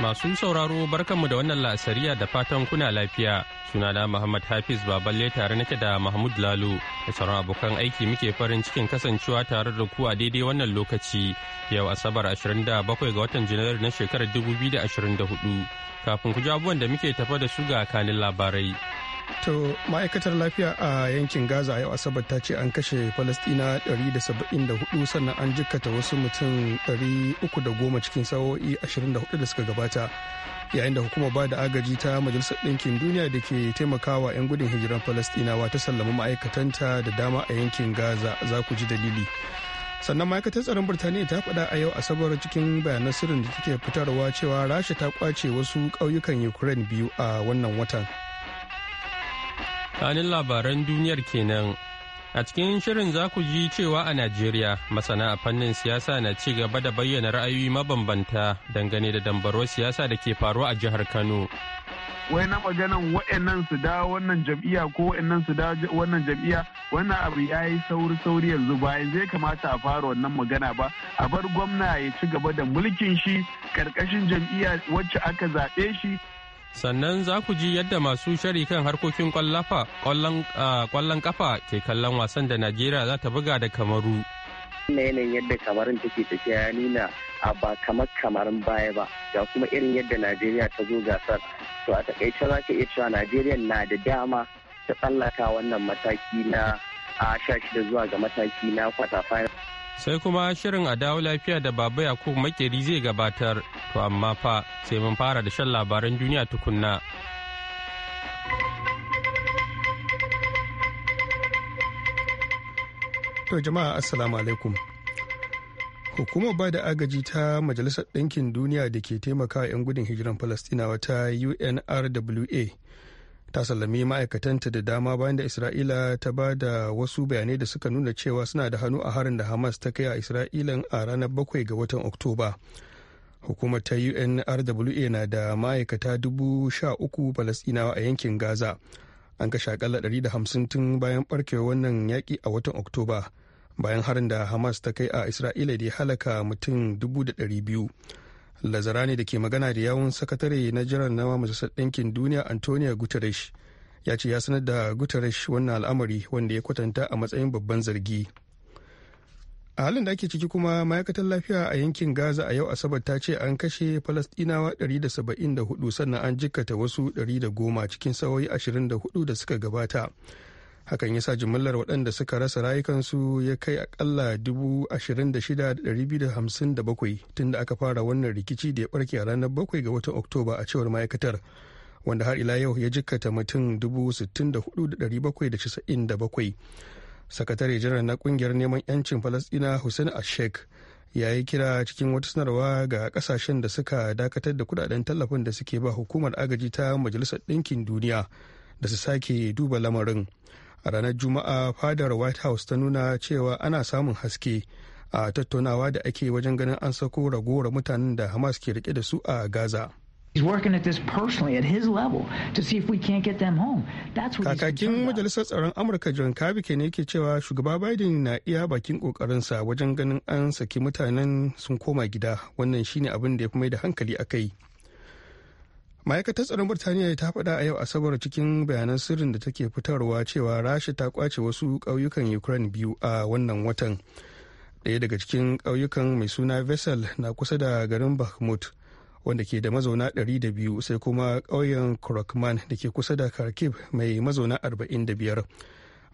Masu sauraro barkanmu da wannan la'asariya da fatan kuna lafiya. Sunana Muhammad Hafiz Baballe tare nake da Mahmud Lalo da sauran abokan aiki muke farin cikin kasancewa tare da ku a daidai wannan lokaci. Yau Asabar 27 ga watan Janairu na shekarar 2024. Kafin ku ji abubuwan da muke tafa da su ga kanin labarai. To ma'aikatar lafiya a yankin Gaza yau Asabar ta ce an kashe Falastina 174 sannan an jikkata wasu mutum 310 cikin sa'o'i 24 da suka gabata. Yayin da hukumar ba da agaji ta Majalisar Ɗinkin Duniya da ke taimakawa 'yan gudun hijiran Falastinawa ta sallama ma'aikatanta da dama a yankin Gaza za ku ji dalili. sannan ma'aikatar tsaron birtaniya ta faɗa a yau asabar cikin bayanan sirrin da take fitarwa cewa rasha ta kwace wasu ƙauyukan ukraine biyu a wannan watan kanin labaran duniyar kenan a cikin shirin za ku ji cewa a najeriya masana a fannin siyasa na ci gaba da bayyana ra'ayoyi mabambanta dangane da dambarwar siyasa da ke faruwa a jihar kano wai na maganan wa'annan su da wannan jam'iyya ko wa'annan su da wannan jam'iyya wannan abu ya yi sauri sauri yanzu bayan zai kamata a fara wannan magana ba a bar gwamna ya ci gaba da mulkin shi karkashin jam'iyya wacce aka zaɓe shi sannan za ku ji yadda masu shari kan harkokin kwallon kafa ke kallon wasan da najeriya za ta buga da kamaru na yanayin yadda kamarin take tafiya ya nuna a ba kamar kamarin baya ba ga kuma irin yadda najeriya ta zo gasar to a takaice za ka iya cewa najeriya na da dama ta tsallaka wannan mataki na a sha shida zuwa ga mataki na kwata final sai kuma shirin a dawo lafiya da baba yakub makeri zai gabatar to amma fa sai mun fara da shan labaran duniya tukunna to jama'a assalamu alaikum hukumar ba da agaji ta majalisar ɗinkin duniya da ke taimakawa 'yan gudun hijiran falastinawa ta unrwa ta sallami ma'aikatanta da dama bayan da isra'ila ta ba da wasu bayanai da suka nuna cewa suna da hannu a harin da hamas ta kai a isra'ila a ranar 7 ga watan oktoba hukumar ta unrwa na da ma'aikata 13,000 a yankin gaza an kashe akalla 150 tun bayan barkewar wannan yaƙi a watan oktoba bayan harin da hamas ta kai a isra'ila da ya halaka mutum dubu lazarani da ke magana da yawun sakatare na jiran na majalisar ɗinkin duniya antonio guterres ya ce ya sanar da guterres wannan al'amari wanda ya kwatanta a matsayin babban zargi a halin da ake ciki kuma ma'aikatar lafiya a yankin gaza a yau asabar ta ce an kashe falastinawa 174 sannan an jikkata wasu 110 cikin sawoyi 24 da suka gabata hakan ya sa jimillar waɗanda suka rasa rayukansu ya kai akalla 26,257 tun da aka fara wannan rikici da ya barke a ranar 7 ga watan oktoba a cewar ma'aikatar wanda har ila yau ya jikkata mutum 64,797 sakatare janar na kungiyar neman 'yancin falasɗina hussein ashek ya yi kira cikin wata sanarwa ga kasashen da suka dakatar da kudaden tallafin da suke ba hukumar agaji ta majalisar ɗinkin duniya da su sake duba lamarin a ranar juma'a fadar white house ta nuna cewa ana samun haske a tattaunawa da ake wajen ganin an sako ragowar mutanen da hamas ke rike da su a gaza Kakakin Majalisar Tsaron Amurka John Kirby ne ke cewa shugaba Biden na iya bakin kokarinsa wajen ganin an saki mutanen sun koma gida wannan shine abin da ya fi mai da hankali a kai. ma'aikatar tsaron birtaniya ta faɗa a yau asabar cikin bayanan sirrin da take fitarwa cewa rasha ta kwace wasu ƙauyukan ukraine biyu a wannan watan ɗaya daga cikin ƙauyukan mai suna vessel na kusa da garin bakhmut wanda ke da mazauna 200 sai kuma ƙauyen krokman da ke kusa da kharkiv mai mazauna 45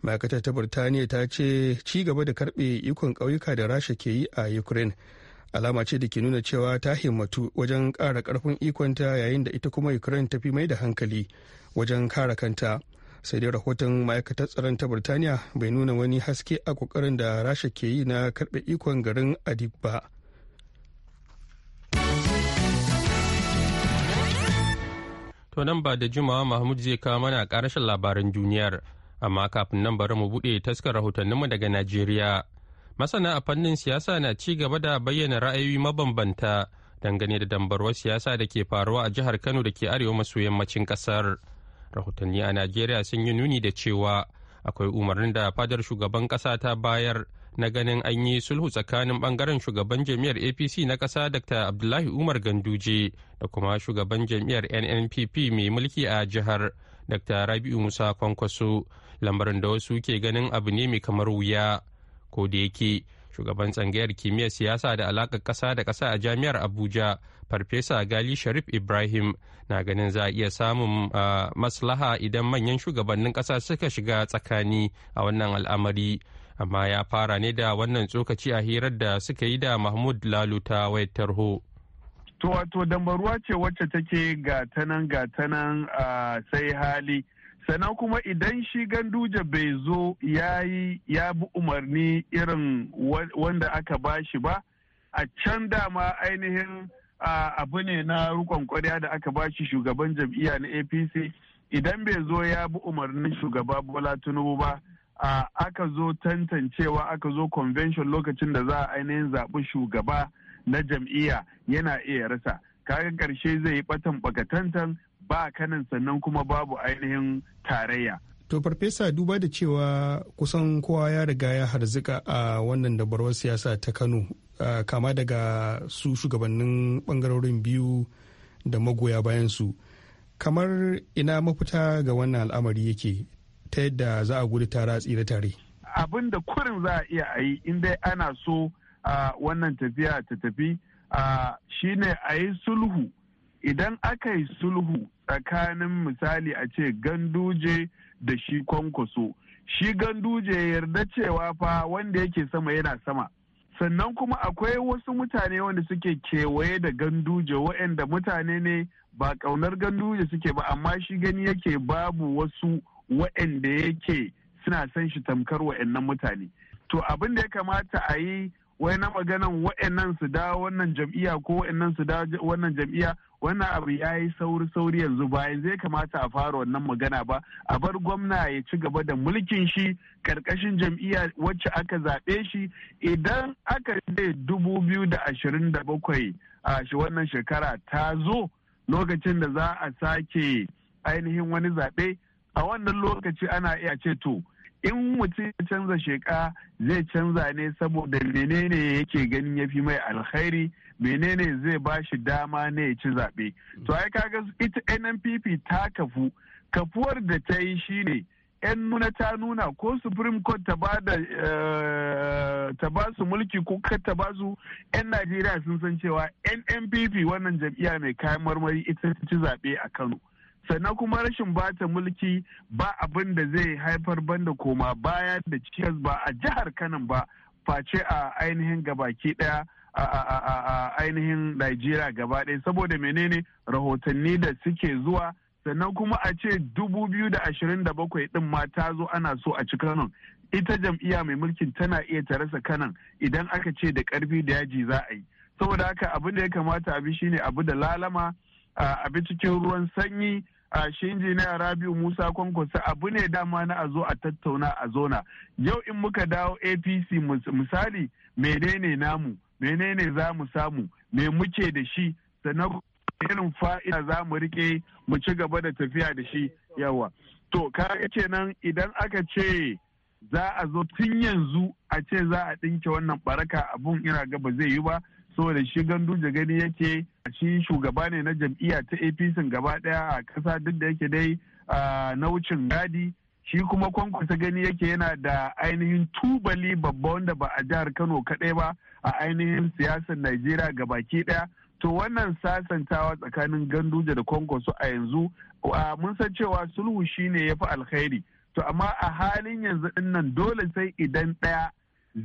ma'aikatar ta birtaniya ta ce ci gaba da karɓe ikon ƙauyuka da rasha ke yi a ukraine alama ce da ke nuna cewa ta himmatu wajen ƙara ƙarfin ikonta yayin da ita kuma ukraine ta fi mai da hankali wajen kare kanta sai dai rahoton ma'aikatar tsaron ta birtaniya bai nuna wani haske a kokarin da rasha ke yi na karɓe ikon garin adib ba to nan ba da jimawa mahmud zai kawo mana ƙarashin labaran duniyar amma kafin nan bari mu buɗe taskar rahotanninmu daga najeriya masana a fannin siyasa na ci gaba da bayyana ra'ayoyi mabambanta dangane da dambarwar siyasa da ke faruwa a jihar kano da ke arewa maso yammacin kasar rahotanni a najeriya sun yi nuni da cewa akwai umarnin da fadar shugaban kasa ta bayar na ganin an yi sulhu tsakanin bangaren shugaban jam'iyyar apc na kasa dr abdullahi umar ganduje da kuma shugaban jam'iyyar nnpp mai mulki a jihar dr rabiu musa kwankwaso lamarin da wasu ke ganin abu ne mai kamar wuya ko da yake shugaban tsangayar kimiyyar siyasa da alakar ƙasa da ƙasa a jami'ar abuja farfesa gali sharif ibrahim na ganin za a iya samun maslaha idan manyan shugabannin ƙasa suka shiga tsakani a wannan al'amari amma ya fara ne da wannan tsokaci a hirar da suka yi da mahmud lalu ta wayar tarho to wato dambaruwa ce wacce take gatanan gatanan sai hali sannan kuma idan shi ganduje bai zo ya yi ya bi umarni irin wanda aka ba shi ba a can dama ainihin abu ne na rukon kwarya da aka ba shi shugaban jam'iyya na apc idan bai zo ya bi umarnin shugaba bola tunubu ba aka zo tantancewa aka zo convention lokacin da za a ainihin zaɓi shugaba na jam'iyya yana iya rasa kaga karshe zai yi batan bakatantan ba kanan sannan kuma babu ainihin tarayya to farfesa duba da cewa kusan kowa ya riga ya harzika a wannan dabarwar siyasa ta kano kama daga su shugabannin bangarorin biyu da magoya bayan su kamar ina mafita ga wannan al'amari yake ta yadda za a gudu tare a tsira tare abin da kurin za a iya ayi yi in dai ana so wannan tafiya ta tafi shine a yi sulhu idan aka yi sulhu tsakanin misali a ce ganduje da shi kwankwaso shi ganduje yarda cewa fa wanda yake sama yana sama sannan kuma akwai wasu mutane wanda suke kewaye da ganduje waɗanda mutane ne ba ƙaunar ganduje suke ba amma shi gani yake babu wasu waɗanda yake suna son shi tamkar waɗannan mutane to abin da ya kamata a yi wai na maganan waɗannan su da wannan jam'iyya ko waɗannan su da wannan jam'iyya wannan abu ya yi sauri-sauri yanzu bayan zai kamata a fara wannan magana ba a bar gwamna ya ci gaba da mulkin shi karkashin jam'iyya wacce aka zaɓe shi idan aka je dubu biyu da ashirin da bakwai a shi wannan shekara ta zo lokacin da za a sake ainihin wani zaɓe a wannan lokaci ana iya ce to in mutum ya canza sheka zai canza ne saboda menene yake ganin ya fi mai alkhairi menene zai ba shi dama ne ya ci zaɓe to ai kaga ita nnpp ta kafu kafuwar da ta yi shine yan nuna ta nuna ko supreme court ta ba eh, su mulki ko ka ta ba su yan najeriya sun san cewa nnpp wannan jam'iyya mai kayan marmari ita ci zaɓe a kano sannan kuma rashin bata mulki ba abin da zai haifar banda koma baya da cikas ba a jihar kanan ba face a ainihin gabaki daya a ainihin Najeriya gaba ɗaya saboda menene rahotanni da suke zuwa sannan kuma a ce 2027 din ma ta zo ana so a ci kanon ita jam'iyya mai mulkin tana iya ta rasa kanan idan aka ce da karfi da yaji za a yi saboda haka abin da ya kamata a shine abu da lalama a bi cikin ruwan sanyi a shi injiniya rabiu musa kwankwasa abu ne dama na a zo a tattauna a zona yau in muka dawo apc misali menene namu menene za mu samu me muke da shi sannan irin fa'ida za mu rike mu ci gaba da tafiya da shi yawa to kaga kenan idan aka ce za a zo tun yanzu a ce za a ɗinke wannan baraka abun ina ga ba zai yi ba saboda shi ganduje gani yake shi shugaba ne na jam'iyya ta apc gaba daya a kasa duk da yake dai na wucin gadi shi kuma kwankwasa gani yake yana da ainihin tubali babba wanda ba a jihar kano kaɗai ba a ainihin siyasar najeriya ga baki ɗaya to wannan sasantawa tsakanin ganduje da kwankwaso a yanzu mun san cewa sulhu shine ya fi alkhairi to amma a halin yanzu dinnan dole sai idan ɗaya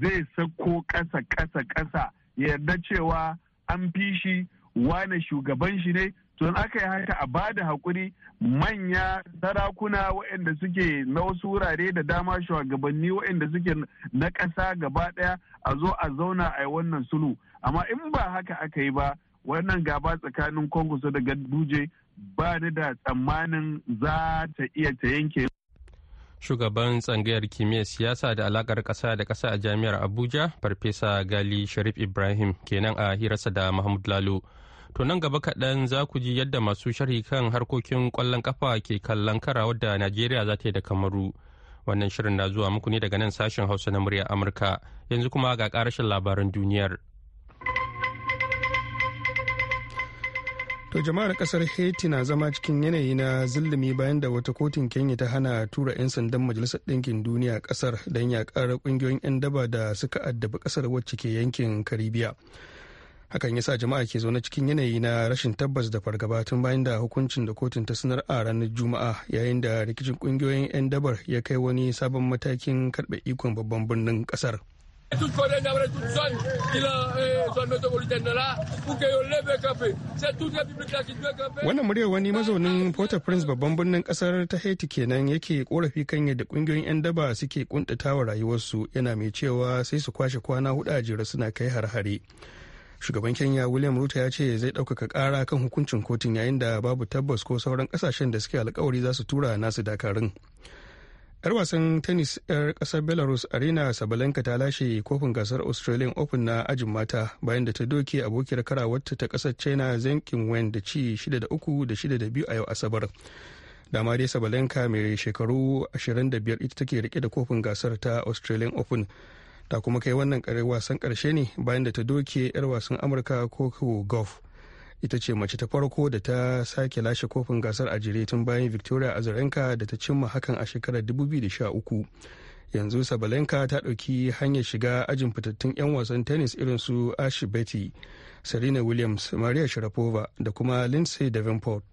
zai sako ƙasa ƙasa ƙasa ya yarda cewa an fi shi wane shugaban shi ne don aka yi haka a ba da haƙuri manya sarakuna waɗanda suke na wasu wurare da dama shugabanni waɗanda suke na ƙasa gaba ɗaya a zo a zauna a yi wannan sulu amma in ba haka aka yi ba wannan gaba tsakanin kongo da gaduje ba ni da tsammanin za ta iya ta yanke shugaban tsangayar kimiyyar siyasa da alakar ƙasa da ƙasa a jami'ar abuja farfesa gali sharif ibrahim kenan a hirarsa da mahmud lalo to nan gaba kaɗan za ku ji yadda masu sharhi kan harkokin ƙwallon kafa ke kallon karawar da najeriya za ta yi da kamaru wannan shirin na zuwa muku ne daga nan sashen hausa na murya amurka yanzu kuma ga ƙarashin labaran duniyar To jama'ar kasar Haiti na zama cikin yanayi na zulumi bayan da wata kotun Kenya ta hana tura 'yan sandan Majalisar Ɗinkin Duniya kasar don yakar kungiyoyin 'yan daba da suka addabi kasar wacce ke yankin Karibiya. Hakan ya sa jama'a ke zaune cikin yanayi na rashin tabbas da fargaba tun bayan da hukuncin da kotun ta sanar a ranar Juma'a yayin da rikicin ƙungiyoyin 'yan dabar ya kai wani sabon matakin karɓe ikon babban birnin ƙasar. Scorrendo euh, là, Wannan muryar wani mazaunin Port-au-Prince babban birnin kasar ta Haiti kenan yake korafi kan yadda kungiyoyin 'yan daba suke kuntatawa rayuwarsu yana mai cewa sai su kwashe kwana hudu a jere suna kai har-hare. Shugaban Kenya William Ruto ya ce zai ɗaukaka ƙara kan hukuncin kotun yayin da babu tabbas ko sauran ƙasashen da suke alkawari za su tura nasu dakarun. 'Yar wasan tennis 'yar kasar Belarus Arena Sabalenka ta lashe kofin gasar Australian Open na ajin mata bayan da ta doke abokiyar karawarta ta kasar China zenkin wen da ci 6 da 3 da 6 da 2 a yau Asabar. Dama dai Sabalenka mai shekaru 25 ita take rike da kofin gasar ta Australian Open. Ta kuma kai wannan wasan karshe ne bayan da ta doke 'yar wasan Amurka Coco Golf. ita ce mace ta farko da ta sake lashe kofin gasar a jire tun bayan victoria azarenka da ta cimma hakan a shekarar 2013 yanzu sabalenka ta ɗauki hanyar shiga ajin fitattun 'yan wasan tennis irin su ashibeti betty serena williams maria sharapova da kuma lindsay davenport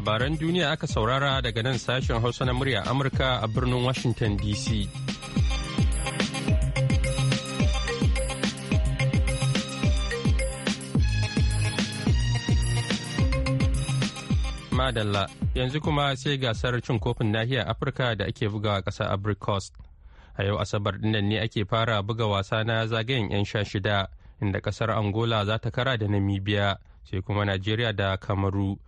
labaran duniya aka saurara daga nan sashen Hausa na murya Amurka a birnin Washington DC. Madalla yanzu kuma sai gasar cin kofin nahiyar Afirka da ake bugawa ƙasar Abricost. A yau Asabar dinnan ne ake fara buga wasa na zagayen 'yan sha shida inda ƙasar Angola za ta kara da Namibia sai kuma Najeriya da Kamaru.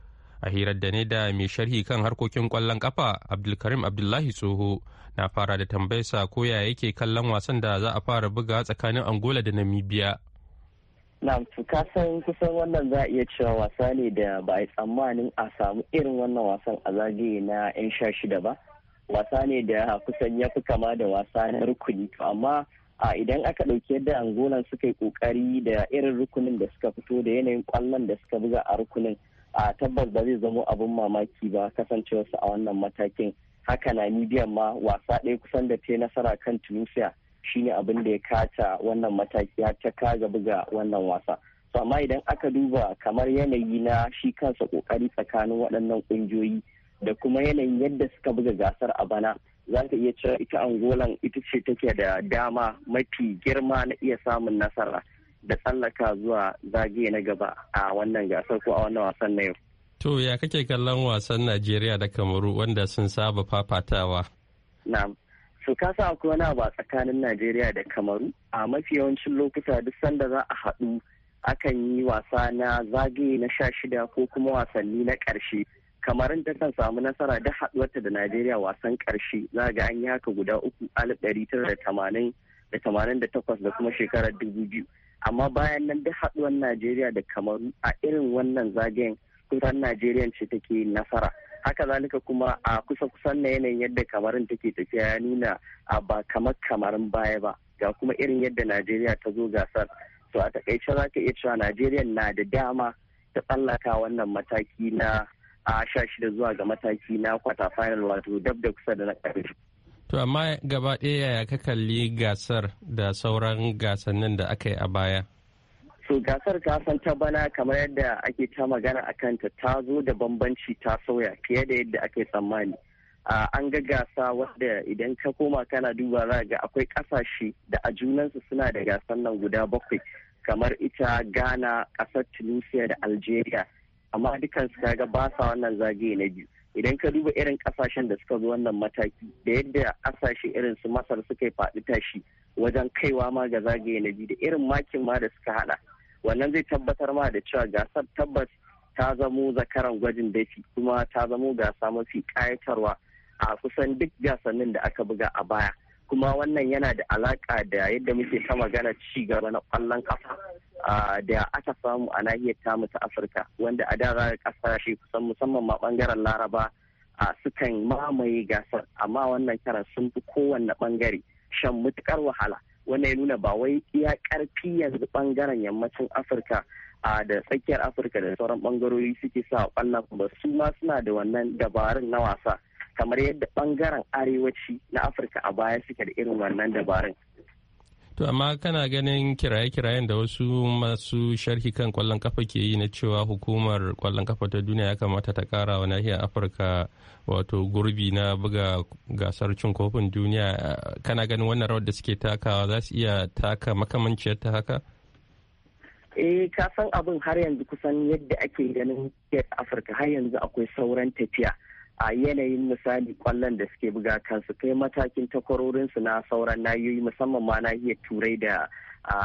a hirar da ne da mai sharhi kan harkokin kwallon kafa abdulkarim abdullahi tsoho na fara da tambayarsa ko ya yake kallon wasan da za a fara buga tsakanin angola da namibia na ka san kusan wannan za a iya cewa wasa ne da ba a tsammanin a samu irin wannan wasan a zagaye na 'yan sha shida ba wasa ne da kusan ya fi kama da wasa na rukuni amma a idan aka ɗauki yadda angolan suka yi ƙoƙari da irin rukunin da suka fito da yanayin kwallon da suka buga a rukunin a tabbas ba zai zama abin mamaki ba kasancewarsa a wannan matakin haka na midiyan ma wasa ɗaya kusan da ta nasara kan tunisia shine abin da ya kata wannan mataki har ta ga buga wannan wasa to amma idan aka duba kamar yanayi na shi kansa kokari tsakanin waɗannan ƙungiyoyi da kuma yanayin yadda suka buga gasar a bana za ka iya cewa ita angolan ita ce take da dama mafi girma na iya samun nasara da tsallaka zuwa zagaye na gaba a wannan gasar ko a wannan wasan na yau. To ya kake kallon wasan Najeriya da Kamaru wanda sun saba fafatawa? Na'am. su kasa sa akwai wani abu a tsakanin Najeriya da Kamaru a mafi yawancin lokuta duk sanda za a haɗu akan yi wasa na zagaye na sha shida ko kuma wasanni na ƙarshe. kamarin ta kan samu nasara da haɗuwarta da Najeriya wasan karshe za ga an yi haka guda uku alif ɗari tara da tamanin da tamanin da takwas da kuma shekarar dubu biyu. amma bayan nan duk haɗuwar najeriya da kamaru a irin wannan zagayen kusan najeriya ce take nasara haka zalika kuma a kusa kusan na yanayin yadda kamarun take tafiya ya nuna a ba kamar kamarin baya ba ga kuma irin yadda najeriya ta zo gasar to a takaice za ka iya cewa najeriya na da dama ta tsallaka wannan mataki na a sha shida zuwa ga mataki na kwata final wato dab da kusa da na ƙarshe To amma gaba ɗaya yaya ka kalli gasar da sauran gasannin da aka yi a baya? to gasar san ta bana kamar yadda ake ta magana a kanta ta zo da bambanci ta sauya fiye da yadda ake tsammani. An ga gasa wadda idan ka koma kana duba za ga akwai ƙasashe da a junansu suna da gasar nan guda bakwai kamar ita Ghana, ƙasar Tunisia da Algeria. Amma dukansu kaga ba sa wannan zagaye na biyu. idan ka duba irin kasashen da suka zo wannan mataki da yadda kasashen irin su masar suka yi faɗi tashi wajen kaiwa ma ga zagaye na biyu da irin makin ma da suka haɗa wannan zai tabbatar ma da cewa gasar tabbas ta zamo zakaran gwajin dafi kuma ta zamo gasa mafi kayatarwa a kusan duk gasannin da aka buga a baya kuma wannan yana da alaƙa da yadda muke ta magana ci gaba na ƙwallon ƙafa. da aka samu a nahiyar tamu ta afirka wanda a da kasashe kusan musamman ma bangaren laraba sukan mamaye gasar amma wannan karan sun fi kowanne bangare shan mutukar wahala wannan ya nuna ba wai iya karfi yanzu bangaren yammacin afirka a da tsakiyar afirka da sauran bangarori suke sa kwallon ba su ma suna da wannan dabarun na wasa kamar yadda bangaren arewaci na afirka a baya suke da irin wannan dabarun To amma kana ganin kiraye-kirayen da wasu masu sharhi kan kwallon kafa ke yi na cewa hukumar kwallon kafa ta duniya ya kamata ta kara wa nahiyar Afirka wato gurbi na buga gasar cin kofin duniya kana ganin wannan rawar da suke takawa za su iya taka makamanciyar ta haka? Eh kasan abin har yanzu kusan yadda ake ganin Afirka har yanzu akwai sauran tafiya. a yanayin misali kwallon da suke buga kansu kai matakin takwarorinsu na sauran nahiyoyi musamman ma nahiyar turai da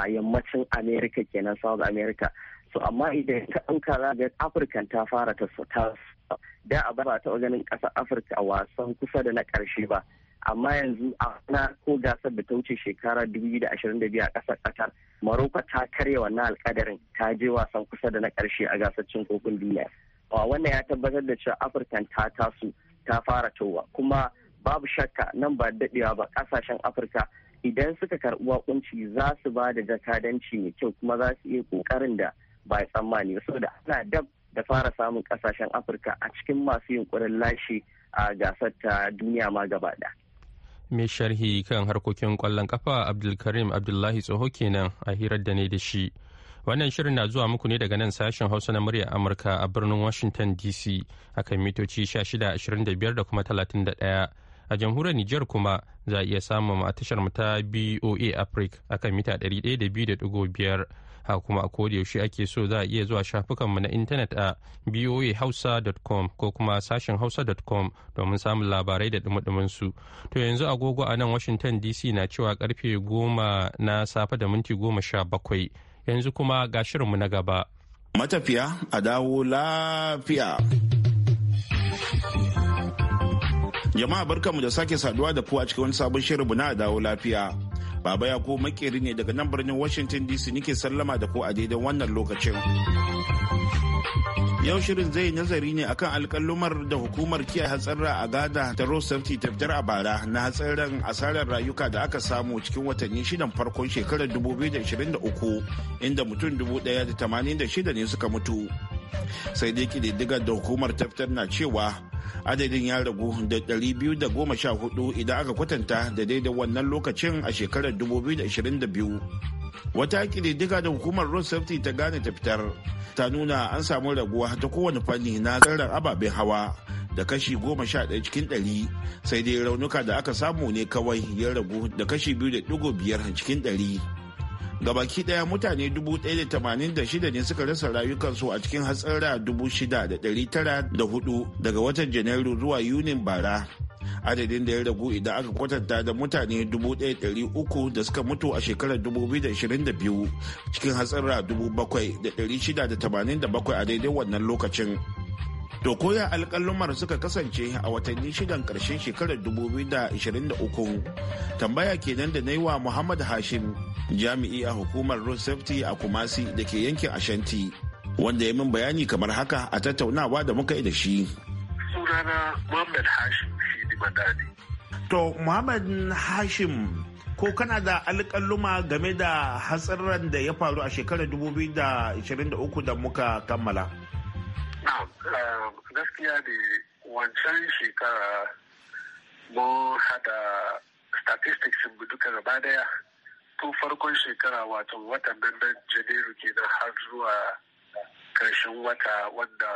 yammacin america kenan south america so amma idan ka ɗauka za ga ta fara ta da a ba ta ganin ƙasar afirka a wasan kusa da na ƙarshe ba amma yanzu a na ko gasar da ta wuce shekara 2022 a ƙasar qatar maroko ta karya wannan alƙadarin ta je wasan kusa da na ƙarshe a gasar cin kofin duniya wannan ya tabbatar da cewa afirka ta tasu ta fara towa kuma babu shakka nan ba daɗewa ba ƙasashen afirka idan suka karɓi waƙunci za su ba da jakadanci mai kyau kuma za su iya ƙoƙarin da ba tsammani saboda ana dab da fara samun ƙasashen afirka a cikin masu yunƙurin lashe a gasar ta duniya ma gaba ɗaya. mai sharhi kan harkokin kwallon kafa abdulkarim abdullahi tsoho kenan a hirar da ne da shi Wannan shirin na zuwa muku ne daga nan sashen Hausa na muryar Amurka a birnin Washington DC a kan mitoci 1625 da kuma 31. A jamhuriyar Nijar kuma za a iya samun a tashar mu ta BOA Africa a kan mita 102.5 haka kuma a koda yaushe ake so za a iya zuwa shafukanmu na intanet a boahausa.com ko kuma sashen hausa.com domin samun labarai da dumudumin su. To yanzu agogo a nan Washington DC na cewa karfe 10 na safe da minti goma sha bakwai. yanzu kuma ga shirinmu na gaba. Matafiya a dawo lafiya. Jama'a barkanmu da sake saduwa da ku a cikin wani sabon shirinmu na dawo lafiya. Baba Yakubu makeri ne daga nan birnin Washington DC nike sallama da ku a daidan wannan lokacin. Yau shirin zai nazari ne akan alkalumar da hukumar kiyaye hatsarra a gada ta Road Safety ta a bara na hatsarin asarar rayuka da aka samu cikin watanni shidan farkon shekarar 2023 inda mutum 1,086 ne suka mutu. Sai dai kididdigar da hukumar ta na cewa adadin ya ragu da 214 idan aka kwatanta da daidai wannan lokacin a shekarar 2022. wata kididdiga da hukumar road safety ta gane ta fitar ta nuna an samu raguwa ta kowane fanni na zarar ababen hawa da kashi goma sha ɗaya cikin ɗari sai dai raunuka da aka samu ne kawai ya ragu da kashi biyu da ɗigo biyar cikin ɗari baki daya mutane 1,086 ne suka rasa rayukansu a cikin da 6,904 daga watan janairu zuwa yunin bara adadin da ya ragu idan aka kwatanta da mutane 1,300 da suka mutu a shekarar 2022 cikin hatsara 7,687 a daidai wannan lokacin To koya alkalumar suka kasance a watanni shidan ƙarshen shekarar 2023 tambaya kenan da na yi wa Muhammad Hashim jami'i a hukumar road safety a kumasi da ke yankin ashanti wanda ya min bayani kamar haka a tattaunawa da muka yi da shi sunana muhammad hashim madani to muhammad hashim ko kana da alƙaluma game da hatsarin da ya faru a shekarar 2023 da muka kammala eh, gaskiya da wancan shekara mun hada statistics duka gaba daya tun farkon shekara wato watan nan na janairu kenan har zuwa karshen wata wanda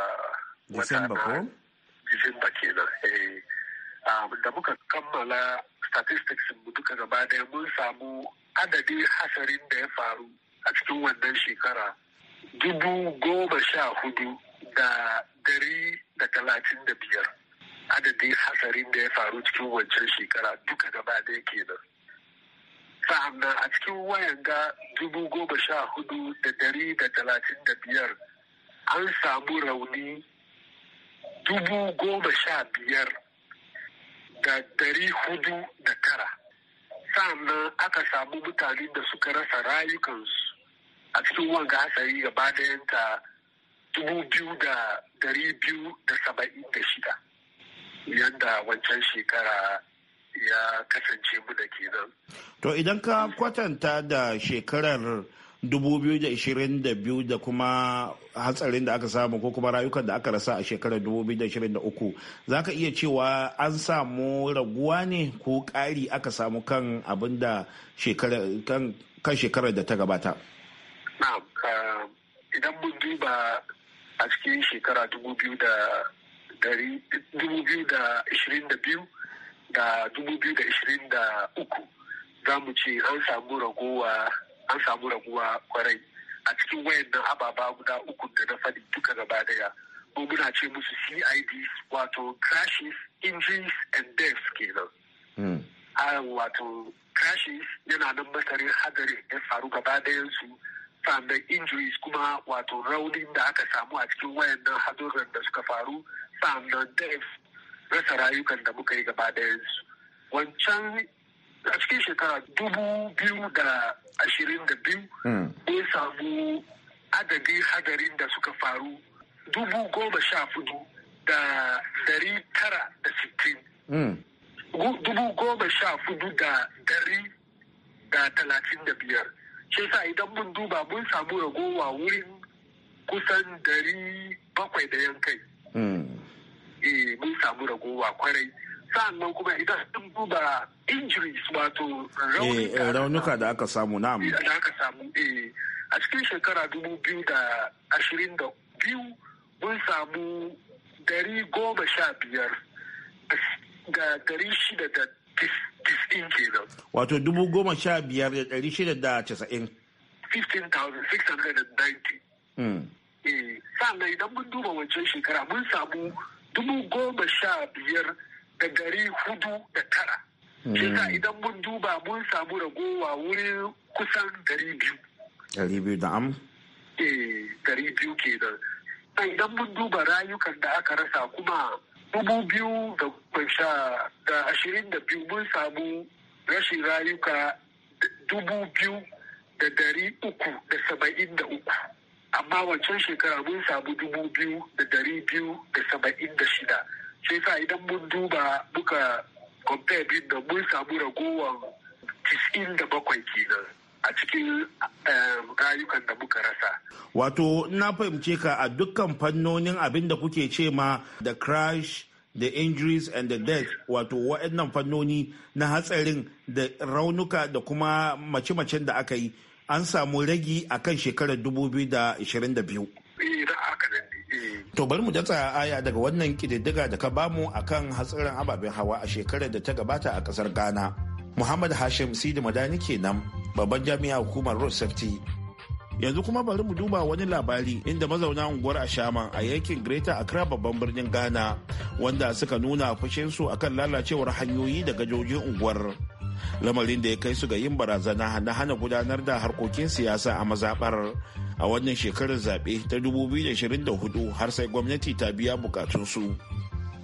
Disamba ko? kenan. Eh. Ah, da muka kammala statistics mu duka gaba daya mun samu adadin hasarin da ya faru a cikin wannan shekara dubu goma sha hudu da dari da talatin da biyar adadin hasarin da ya faru cikin wancan shekara duka gaba daya kenan. sa'annan a cikin wayan ga dubu goma sha hudu da dari da talatin da biyar an samu rauni dubu goma sha biyar da dari hudu da tara sa'annan aka samu mutane da suka rasa rayukansu a cikin wanga hatsari gaba ta dubu biyu da dari biyu da saba'in da shida yadda wancan shekara ya kasance mu da kenan. To idan ka kwatanta da shekarar 2022 da kuma hatsarin da aka samu ko kuma rayukan da aka rasa a shekarar 2023 za ka iya cewa an samu raguwa ne ko ƙari aka samu kan abin da kan shekarar da ta gabata. Na'am, eh, idan mun duba a cikin shekara 2022 da dubu biyu da ishirin da uku za mu ce an samu ragowa an samu raguwa kwarai a cikin wayannan ababa guda uku da na faɗi duka gaba daya ko muna ce musu cid wato crashes injuries and deaths kenan hmm. a wato crashes yana nan masarin hadari ya faru gaba dayan su sannan injuries kuma wato raunin da aka samu a cikin wayannan hadurran da suka faru sannan deaths rasa rayukan da muka yi gaba su wancan a cikin shekara dubu biyu da ashirin da biyu ya hmm. samu adadin hadarin da suka faru dubu goma sha hudu da dari tara da sittin hmm. dubu goma sha hudu da dari da talatin da biyar shi sa idan mun duba mun samu ragowa wurin kusan dari bakwai da yankai hmm. Eh, mun samu ragowa kwarai sannan kuma idan sun duba injuries wato raunuka eh, eh, da aka samu na da aka samu a cikin shekara dubu biyu da ashirin da biyu mun samu dari goma sha biyar ga dari shida da tisin kenan wato dubu goma sha biyar da dari shida da casa'in 15,690 Sannan hmm. idan mun duba wancan shekara mun samu dubu goma sha biyar da dari hudu da tara. Hmm. Shisa idan mun duba mun samu ragowa wurin kusan dari biyu. Dari biyu da am? Eh, dari biyu ke kenan. Idan mun duba rayukan da aka rasa kuma dubu biyu da sha da ashirin da biyu mun samu rashin rayuka dubu biyu da dari uku da saba'in da uku. amma wancan shekara mun samu dubu biyu da dari biyu da saba'in da shida sai sa idan mun duba muka compare din da mun samu ragowar tis'in da bakwai kenan a cikin eh, rayukan da muka rasa. Wato na fahimce ka a dukkan fannonin abin da kuke ce ma the crash the injuries and the death wato waɗannan fannoni na hatsarin da raunuka da kuma mace-macen da aka yi an samu ragi a kan shekarar 2022. Eh, eh. To bari mu datsa aya daga wannan kididdiga da ka bamu a kan hatsarin ababen hawa a shekarar da ta gabata a kasar Ghana. Muhammad Hashim Sidi Madani kenan babban jami'a hukumar Road Safety. Yanzu kuma bari mu duba wani labari inda mazauna unguwar a shaman a yankin Greater Accra babban birnin Ghana wanda suka nuna fushinsu akan lalacewar hanyoyi da gajojin unguwar. lamarin da ya kai su ga yin barazana na hana gudanar da harkokin siyasa a mazaɓar a wannan shekarar zaɓe ta 2024 har sai gwamnati ta biya bukatunsu.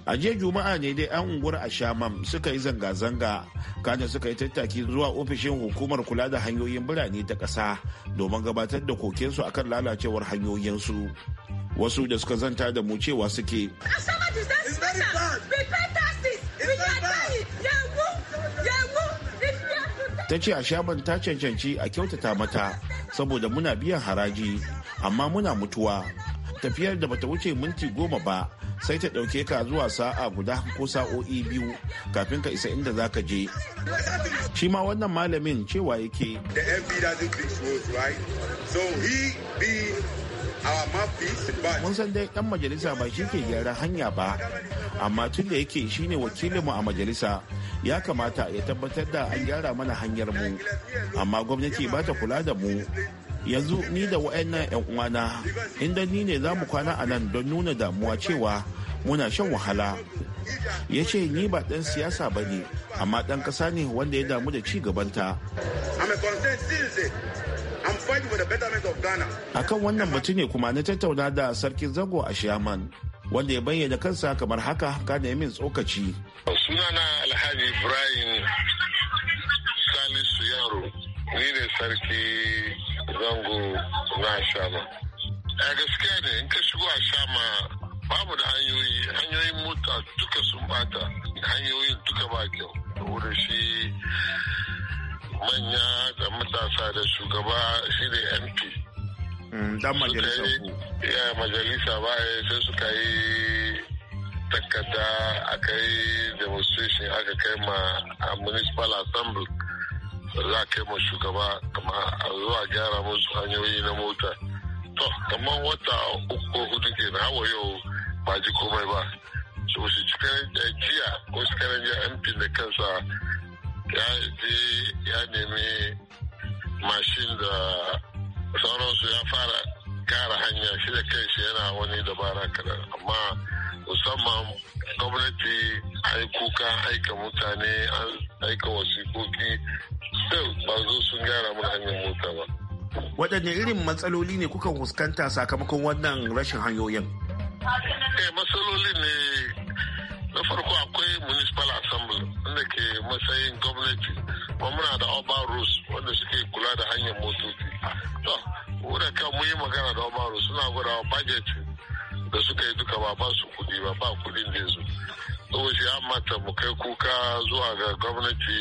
a jiya juma'a ne dai an unguwar ashamam suka yi zanga-zanga kana suka yi tattaki zuwa ofishin hukumar kula da hanyoyin birane ta ƙasa domin gabatar da kokensu akan lalacewar hanyoyinsu wasu da suka zanta da mu cewa suke ta ce a shaban ta cancanci a kyautata mata saboda muna biyan haraji amma muna mutuwa tafiyar da bata wuce minti goma ba sai ta ɗauke ka zuwa sa'a guda ko sa'o'i biyu kafin ka isa inda zaka je shi ma wannan malamin cewa yake the Mun san dai ɗan majalisa ba shi ke gyaran hanya ba, amma tun da yake ne wakilinmu a majalisa ya kamata ya tabbatar da an gyara mana hanyar mu, amma gwamnati ba ta kula da mu. Yanzu ni da wa'annan 'yan uwana, inda ni ne za mu kwana a nan don nuna damuwa cewa muna shan wahala. Ya ce ni ba ɗan siyasa ba ne, amma ɗan ƙasa ne wanda ya damu da ci gabanta. A kan wannan batu ne kuma na tattauna da sarkin zango a Shaman wanda ya bayyana kansa kamar haka kana min tsokaci. Sunana Alhaji Ibrahim Salisu Yaro ni ne sarki zango na Shaman. A gaskiya ne in ka shigo a Shama babu da hanyoyi hanyoyin mota duka sun bata hanyoyin duka ba kyau. manya da matasa da shugaba shi da mp mm, dan majalisa ku ya majalisa ba eh, sai suka yi takarda a yi demonstration aka kai ma a municipal assembly za kai ma shugaba kama a zuwa gyara musu hanyoyi na mota to kamar wata uku ko hudu ke na hawa yau ba ji komai ba so su cikin eh, jiya ko su jiya mp da kansa ya je ya nemi mashin da sauransu ya fara kara hanya shi da kai shi yana wani dabara kada amma musamman gwamnati aikuka kuka aika mutane an aika wasikoki still ba zo sun gyara mana hanyar mota ba waɗanne irin matsaloli ne kuka fuskanta sakamakon wannan rashin hanyoyin eh matsaloli ne na farko akwai matsayin gwamnati kuma muna da urban rules wanda suke kula da hanyar motoci to wurin kan muyi magana da urban rules suna gwada budget da suka yi duka ba ba su kuɗi ba ba kudin da su saboda shi mata mu kai kuka zuwa ga gwamnati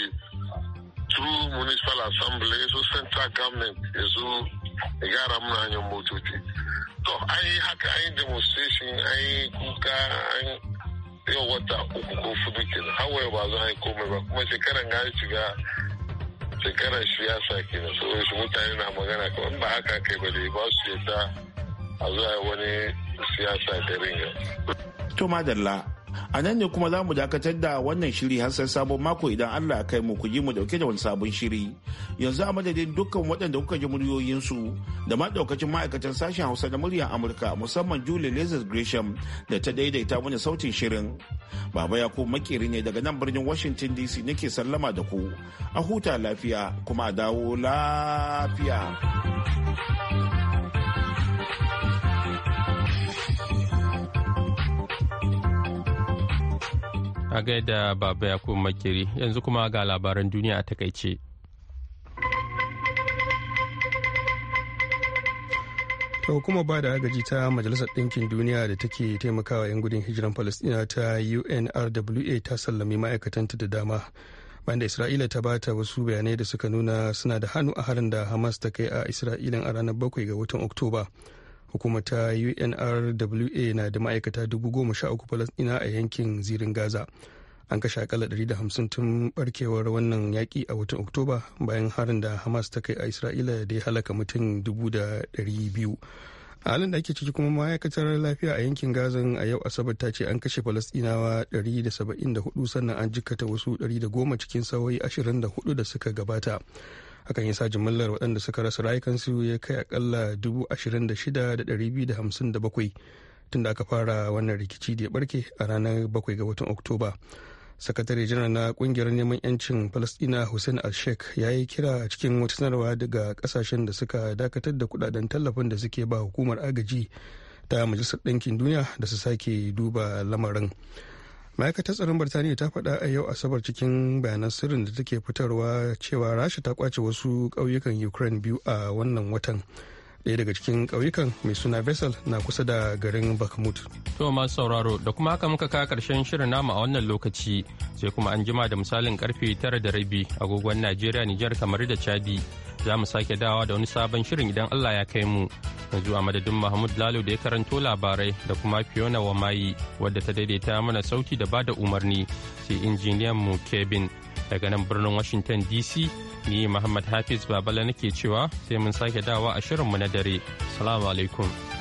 through municipal assembly su central government ya zo ya gyara muna hanyar motoci to an yi haka an yi demonstration an yi kuka an yau wata uku ko fudu kenan hawaye ba za a yi komai ba kuma shekaran ga shiga shekaran siyasa kenan saboda shi mutane na magana kamar ba haka kai ba dai ba su yadda a zuwa wani siyasa garin yau. to madalla a nan ne kuma za mu dakatar da wannan shiri har sai sabon mako idan allah kai mu ku ji mu dauke da wani sabon shiri yanzu a madadin dukkan waɗanda kuka ji muryoyinsu da ma daukacin ma'aikatan sashen hausa da muryar amurka musamman julie lazar gresham da ta daidaita mana sautin shirin baba yako makeri ne daga nan birnin washington dc nake sallama da ku a huta lafiya kuma a dawo lafiya A gaida Baba ya Yakubu Makiri yanzu kuma ga labaran duniya a takaice. ta hukumar ba da agaji ta majalisar ɗinkin duniya da take taimakawa 'yan gudun hijiran palestina ta unrwa ta sallame ma'aikatanta da dama banda isra'ila ta bata wasu bayanai da suka nuna suna da hannu a harin da hamas ta kai a isra'ilin a ranar 7 ga watan oktoba hukumar ta unrwa na da ma'aikata dubu goma sha uku falastina a yankin zirin gaza an kashe akalla 150 tun barkewar wannan yaƙi a watan oktoba bayan harin da hamas ta kai a isra'ila da ya halaka mutum biyu a halin da ake ciki kuma ma'aikatar lafiya a yankin gazan a yau asabar ta ce an kashe falastinawa 174 sannan an jikkata wasu 110 cikin sawayi 24 da suka gabata hakan ya sa jimillar waɗanda suka rasa rayukansu ya kai akalla 26,257 tun da aka fara wannan rikici da ya barke a ranar 7 ga watan oktoba sakatare janar na kungiyar neman yancin palestina hussein al-sheikh ya yi kira cikin wata sanarwa daga kasashen da suka dakatar da kudaden tallafin da suke ba hukumar agaji ta majalisar ɗinkin duniya da su sake duba lamarin ma'aikatar tsaron birtaniya ta faɗa a yau asabar cikin bayanan sirrin da take fitarwa cewa rasha ta kwace wasu ƙauyukan ukraine biyu a wannan watan ɗaya daga cikin ƙauyukan mai suna vessel na kusa da garin bakamut to masu sauraro da kuma haka muka kawo karshen shirin namu a wannan lokaci sai kuma an jima da misalin karfe tara da rabi agogon najeriya nijar kamar da chadi za mu sake dawa da wani sabon shirin idan allah ya kai mu yanzu zuwa madadin mahmud lalo da ya karanto labarai da kuma fiona wamayi wadda ta daidaita mana sauti da bada umarni sai injiniyan mu kevin daga nan birnin washington dc ni muhammad hafiz babala nake cewa sai mun sake dawa a shirinmu na dare salamu alaikum